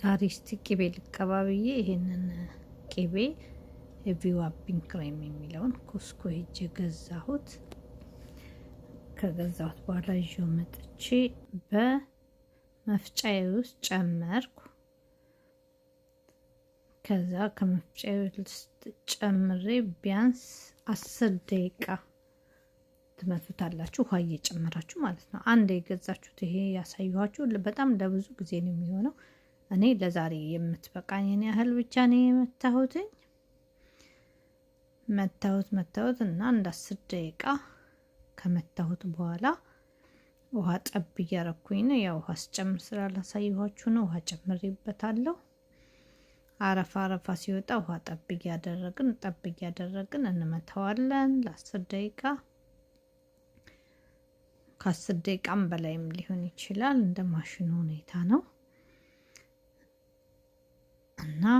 ዛሬ እስቲ ቅቤ ልቀባ ብዬ ይሄንን ቅቤ ቪዋ ፒንክ ክሬም የሚለውን ኮስኮ ሄጄ ገዛሁት። ከገዛሁት በኋላ ይዤ መጥቼ በመፍጫዬ ውስጥ ጨመርኩ። ከዛ ከመፍጫዬ ውስጥ ጨምሬ ቢያንስ አስር ደቂቃ ትመቱታላችሁ፣ ውሃ እየጨመራችሁ ማለት ነው። አንድ የገዛችሁት ይሄ ያሳየኋችሁ በጣም ለብዙ ጊዜ ነው የሚሆነው እኔ ለዛሬ የምትበቃኝን ያህል ብቻ ነው የመታሁትኝ። መታሁት መታሁት እና እንደ አስር ደቂቃ ከመታሁት በኋላ ውሃ ጠብ እያረኩኝ ነው። ያው ውሃ ስጨምር ስላላሳየኋችሁ ነው። ውሃ ጨምሬበታለሁ። አረፋ አረፋ ሲወጣ ውሃ ጠብ እያደረግን ጠብ እያደረግን እንመታዋለን ለአስር ደቂቃ ከአስር ደቂቃም በላይም ሊሆን ይችላል እንደ ማሽኑ ሁኔታ ነው። እና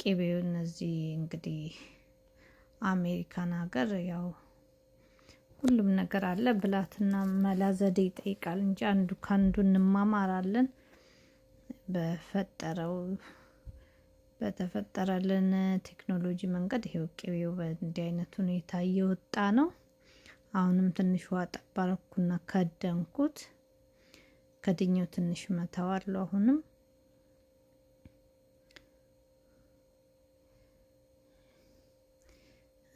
ቅቤው እነዚህ እንግዲህ አሜሪካን ሀገር ያው ሁሉም ነገር አለ። ብላትና መላ ዘዴ ይጠይቃል እንጂ አንዱ ከአንዱ እንማማራለን። በፈጠረው በተፈጠረልን ቴክኖሎጂ መንገድ ይሄው ቅቤው በእንዲህ አይነት ሁኔታ እየወጣ ነው። አሁንም ትንሽ ውሃ ጠባረኩና ከደንኩት። ከድኘው ትንሽ መተዋለሁ አሁንም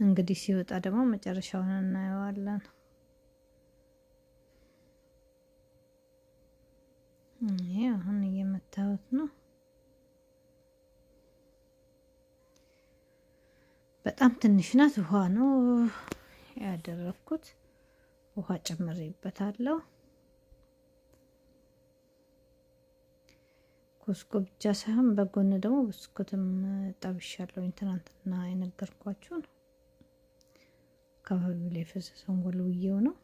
እንግዲህ ሲወጣ ደግሞ መጨረሻውን እናየዋለን። ይሄ አሁን እየመታሁት ነው። በጣም ትንሽ ናት። ውሃ ነው ያደረኩት። ውሃ ጨምሬበታለሁ። ኮስኮ ብቻ ሳይሆን በጎን ደግሞ ብስኩትም ጠብሻለሁኝ። ትናንትና የነገርኳችሁ ነው። አካባቢው ላይ የፈሰሰውን ወልውዬው ነው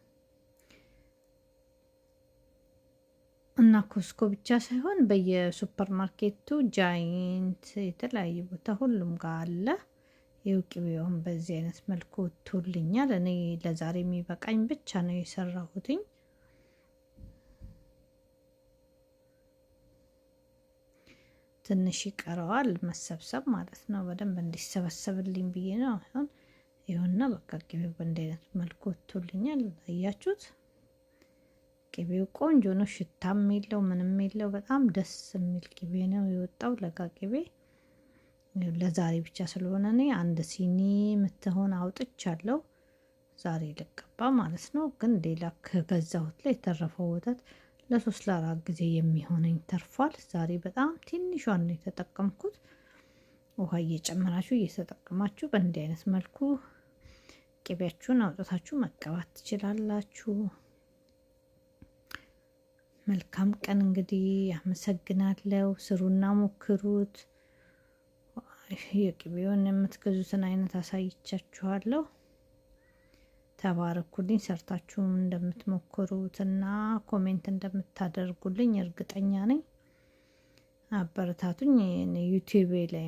እና ኮስኮ ብቻ ሳይሆን በየሱፐር ማርኬቱ ጃይንት፣ የተለያዩ ቦታ ሁሉም ጋር አለ። የውቅቤውን በዚህ አይነት መልኩ ቱልኛል። እኔ ለዛሬ የሚበቃኝ ብቻ ነው የሰራሁትኝ። ትንሽ ይቀረዋል መሰብሰብ ማለት ነው። በደንብ እንዲሰበሰብልኝ ብዬ ነው አሁን ይኸውና በቃ ቅቤው በእንደ አይነት መልኩ ወጥቶልኛል። እያችሁት ቅቤው ቆንጆ ነው። ሽታም የለው ምንም የለው። በጣም ደስ የሚል ቅቤ ነው የወጣው። ለጋ ቅቤ ለዛሬ ብቻ ስለሆነ እኔ አንድ ሲኒ የምትሆን አውጥቻለሁ። ዛሬ ልቀባ ማለት ነው። ግን ሌላ ከገዛሁት ላይ የተረፈው ወተት ለሶስት ለአራት ጊዜ የሚሆነኝ ተርፏል። ዛሬ በጣም ትንሿን ነው የተጠቀምኩት። ውሃ እየጨመራችሁ እየተጠቀማችሁ በእንዲህ አይነት መልኩ ቅቤያችሁን አውጥታችሁ መቀባት ትችላላችሁ። መልካም ቀን እንግዲህ አመሰግናለሁ። ስሩና ሞክሩት። የቅቤውን የምትገዙትን አይነት አሳይቻችኋለሁ። ተባረኩልኝ። ሰርታችሁ እንደምትሞክሩትና ኮሜንት እንደምታደርጉልኝ እርግጠኛ ነኝ። አበረታቱኝ ዩቲዩቤ ላይ